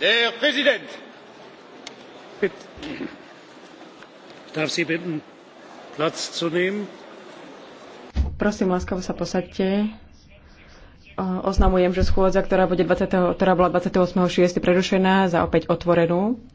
herr präsident! ich darf sie bitten platz zu nehmen. prosím láskavo sa posaďte. oznamujem že schôdza ktorá, ktorá bola. twenty eight six prerušená za opäť otvorenú.